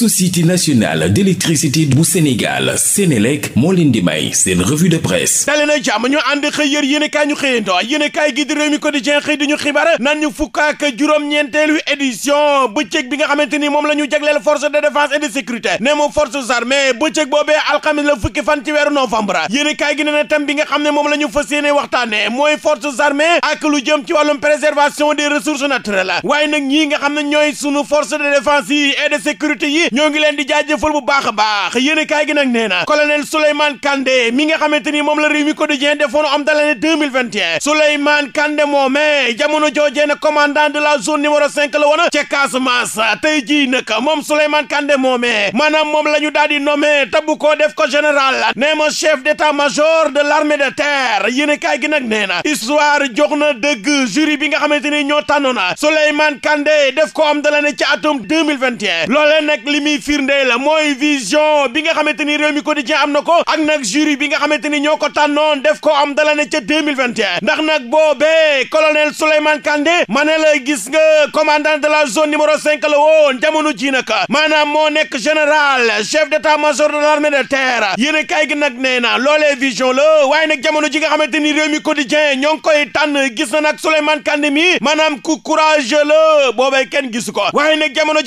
société nationale d'électricité bu Sénégal Sénélec moo leen di may seen revue de presse dali na jàmm ñu ànd xëy yër yéen kaay ñu xëyanto yéen kaay gi di réew mi quotidien xëy di ñu xibaar nan ñu fukk juróom-ñeenteelu édition bëccëg bi nga xamante ni moom la ñu jagleel force de défense et de sécurité ne moom forces armées bëccëg boobee alxamis la fukki fan ci weeru novembre yéen gi ne na nga xam ne moom la ñu fas waxtaane mooy forces armées ak lu waaye nag ñi nga xam ne ñooy sunu force de ñoo ngi leen di jaajëfal bu baax a baax yéen kaay gi nag nee na colonel Souleymane Kandé mi nga xamante ni moom la Rewmi Quotidien defoon am de l'année 2021 Souleymane Kandé moomee jamono joojee na commandant de la zone numéro 5 la woon ca Casamance tey jii nag moom Souleymane Kandé moomee maanaam moom la ñu daal di nommé tabbu ko def ko général nee ma chef d'état-major de l'armée de terre yéen kaay gi nag nee na histoire jox na dëgg jury bi nga xamante ni ñoo tànnoon Souleymane Kandé def ko am de l'année ci atum 2021 loolee nag li muy firndee la mooy vision bi nga xamante ni réew mi quotidien am na ko ak nag jury bi nga ni ñoo ko tànnoon def ko am dala ne ca 2021 ndax nag boobee colonel Souleymane Kandé ma ne la gis nga commandant de la zone numéro 5 la woon jamono ji nag maanaam moo nekk général chef d'état-major de l'armée de terre yéen kay gi nag nee na loolee vision la waaye nag jamono ji nga xamante ni réew mi quotidien ñoo ngi koy tànn gis na nag Souleymane Kandé mi maanaam ku courage la boobee kenn ko waaye nag jamono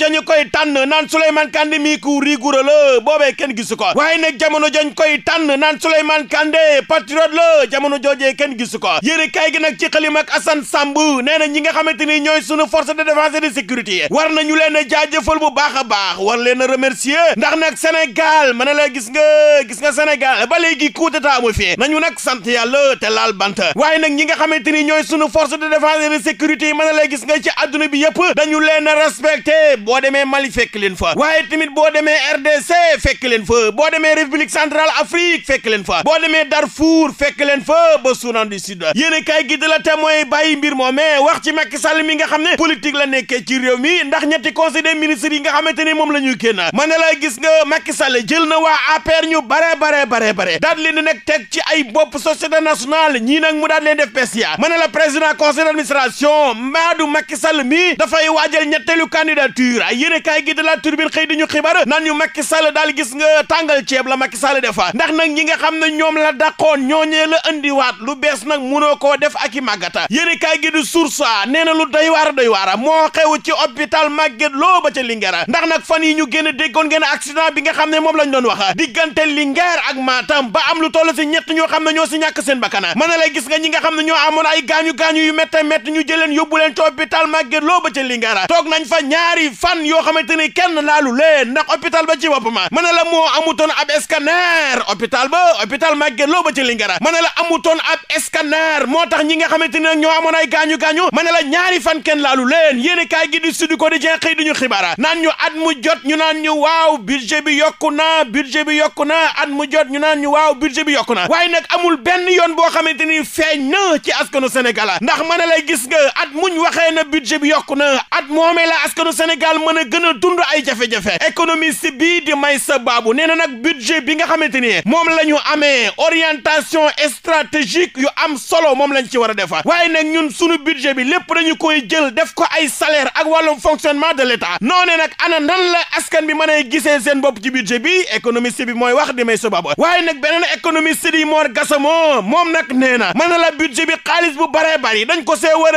Souleymane Kandé mii ku rigoureux la boobee kenn gisu ko waaye nag jamono jañ koy tànn naan Souleymane Kandé patriote la jamono joojee kenn gisu ko yéene kaay gi nag ci xalim ak Assane Samb nee na ñi nga xamante ni ñooy sunu force de défense et de sécurité war nañu leen a jaajëfal bu baax a baax war leen a remercier ndax nag Sénégal ma ne la gis nga gis nga Sénégal ba léegi coup d'état amu fi nañu nag sant yàlla te laal bant waaye nag ñi nga xamante ni ñooy sunu force de défense et de sécurité ma ne la gis nga ci àdduna bi yëpp dañu leen a respecté boo demee Mali fekk leen fa waaye tamit boo demee RDC fekk leen fa boo demee République centrale Afrique fekk leen fa boo demee Darfour fekk leen fa ba Soudan du Sud yéen kay gi de la te mooy bàyyi mbir moomee wax ci Macky Sall mi nga xam ne politique la nekkee ci réew mi ndax ñetti conseil des ministres yi nga xamante ni moom la ñuy kenn ma ne la gis nga Macky Sall jël na waa APR ñu bare bare bare bare daal leen di nag ci ay bopp société nationale ñii nag mu daal leen def PCA ma ne la président conseil d'administration Mbadou Sall mi dafay waajal ñetteelu candidature yéen kay gi de la turbine xëy di ñu xibaar naan ñu Macky Sall daal gis nga tàngal ceeb la Macky Sall defa ndax nag ñi nga xam ne ñoom la dàqoon ñooñee la indiwaat lu bees nag munoo koo def ak i màggata yéen kaay gi di source nee na lu doy waar doy waar moo xew ci hôpital Magatte Lô ba ca Linguère ndax nag fan yi ñu génn déggoon ngeen accident bi nga xam ne moom lañ doon wax diggante Linguère ak Matam ba am lu toll si ñett ñoo xam ne ñoo si ñàkk seen bakkan mën na lay gis nga ñi nga xam ne ñoo amoon ay gaañu-gaañu yu métte métte ñu jëleen yóbbu leen ci hôpital Magatte Lô ba ca toog nañ fa ñaari fan yoo xamante ni kenn loolu ndax hôpital ba ci boppam ma ne la moo amutoon ab scanner opital ba hôpital Magatte Lô ba ci Linguère ma ne la amutoon ab scanner moo tax ñi nga xamante ne ñoo amoon ay gaañu-gaañu ma ne la ñaari fan kenn laalu leen yéen kaay gi di Sud Quotidien xëy duñu xibaara naan ñu at mu jot ñu naan ñu waaw budget bi yokku na budget bi yokku na at mu jot ñu naan ñu waaw budget bi yokku na waaye nag amul benn yoon boo xamante ni feeñ na ci askanu Sénégal ndax ma ne la gis nga at muñ waxee na bi yokku na at moomee la askanu Sénégal mën a gën a dund ay jafe-jafe jafe-jafe économiste bii di Maysa Babou nee na nag budget bi nga xamante ni moom la ñu amee orientation stratégique yu am solo moom lañ ci war a defa waaye nag ñun sunu budget bi lépp dañu koy jël def ko ay salaire ak wàllum fonctionnement de l'État noonee nag ana nan la askan bi mën a gisee seen bopp ci budget bi économiste bi mooy wax di Maysa Babou waaye nag beneen économiste di Mor Gassamo moom nag nee na mën na la budget bi xaalis bu baree bari dañ ko see war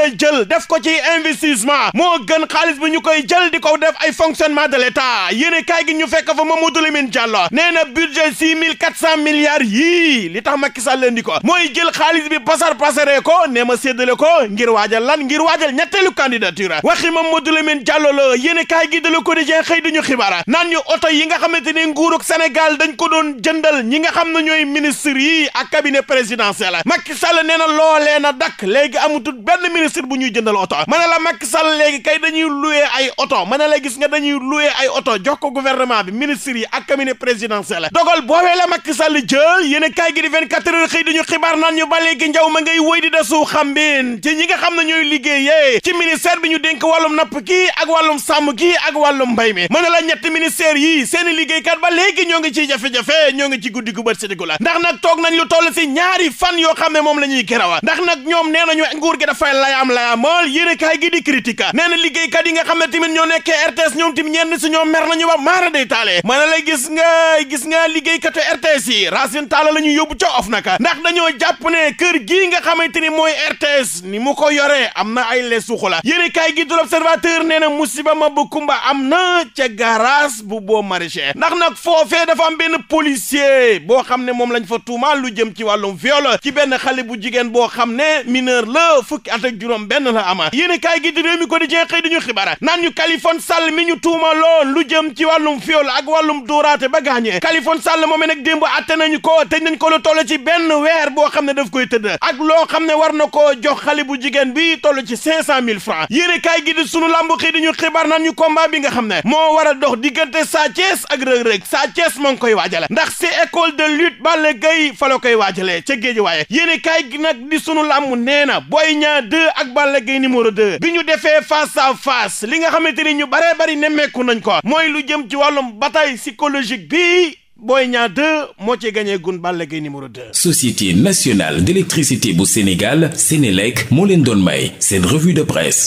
def ko ci investissement moo gën xaalis bu ñu di ko def ay fonctionnement de l'État ah yéene kaay gi ñu fekk fa Mamadou Lamine Diallo nee na budget six mille quatre cent milliards yii li tax Macky Sall indi ko mooy jël xaalis bi pasar pasaree ko nee ma ko ngir waajal lan ngir waajal ñetteelu candidature waxi Mamadou Lamine Diallo la yéene kaay gi de Le Quotidien xëy duñu xibaar naan ñu oto yi nga xamante ne nguurug Sénégal dañ ko doon jëndal ñi nga xam ne ñooy ministre yi a cabinet présidentiel Macky ma nee na loolee na dakk léegi amutut benn ministre bu ñuy jëndal oto ma ne la Macky Sall oto jox ko gouvernement bi ministre yi ak cabinet présidentiel dogal boobee la Macky Sall jël yéen a kaay gi di 24 heures xëy dañu xibaar naan ñu ba léegi njaw ma ngay wéy di desu xambin ci ñi nga xam ne ñooy liggéeyee yi seeni liggéeykat ba léegi ñoo ngi ciy jafe-jafe ñoo ngi ci guddi gu bët séddiku la ndax nag toog nañ lu toll si ñaari fan yoo xam ne moom la ñuy gerawa ndax nag ñoom nee nañu nguur gi dafay layaam layaamal yéen a kaay gi di mer ñu ba maara day taale ma ne la gis nga gis nga liggéeykatu RTS yi Racine Talla la ñu yóbbu ca OFNAC ndax dañoo jàpp ne kër gii nga xamante ni mooy RTS ni mu ko yoree am na ay les suxula yéene kaay gi du l'Observateur nee na musiba ma bu kumba am na ca garage bu boo maraîcher ndax nag foofee dafa am benn policier boo xam ne moom lañ fa tuumaal lu jëm ci wàllum viol ci benn xale bu jigéen boo xam ne mineur la fukki at ak juróom benn la ama yéene kaay di réew mi ko di jeexee di ñu xibaar naan ñu mi ñu tuuma lool lu jëm ci wàllum viol ak wàllum dóoraate ba gaañee Kalifone Sall moomee nag démb atte nañu ko te nañ ko lu toll ci benn weer boo xam ne daf koy tëdd ak loo xam ne war na koo jox xale bu jigéen bi toll ci cinq cent mille francs yéene kaay gi di sunu làmb xëy di ñu xibaar naan ñu combat bi nga xam ne moo war a dox diggante Sa Thiès ak Reug Reug Sa Thiès moo ngi koy waajale ndax ci école de lutte Balla Gaye fa la koy waajalee ca géej waaye yéene kaay gi nag di sunu làmb nee na Boy Niang 2 ak Balla Gaye numéro 2 bi ñu defee face à face li nga xamante ni ñu baree bari nemmeeku nañ ko quoi mooy lu jëm ci wàllum bataille psychologique bi Boy Niang 2 moo ci gagné gun Balla Gaye numéro 2. Société nationale d'électricité bu Sénégal Sénélec moo leen doon may seen revue de presse.